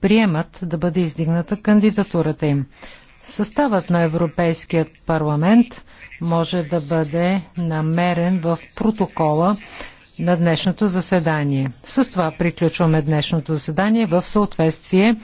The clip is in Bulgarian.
приемат да бъде издигната кандидатурата им. Съставът на Европейският парламент може да бъде намерен в протокола на днешното заседание. С това приключваме днешното заседание в съответствие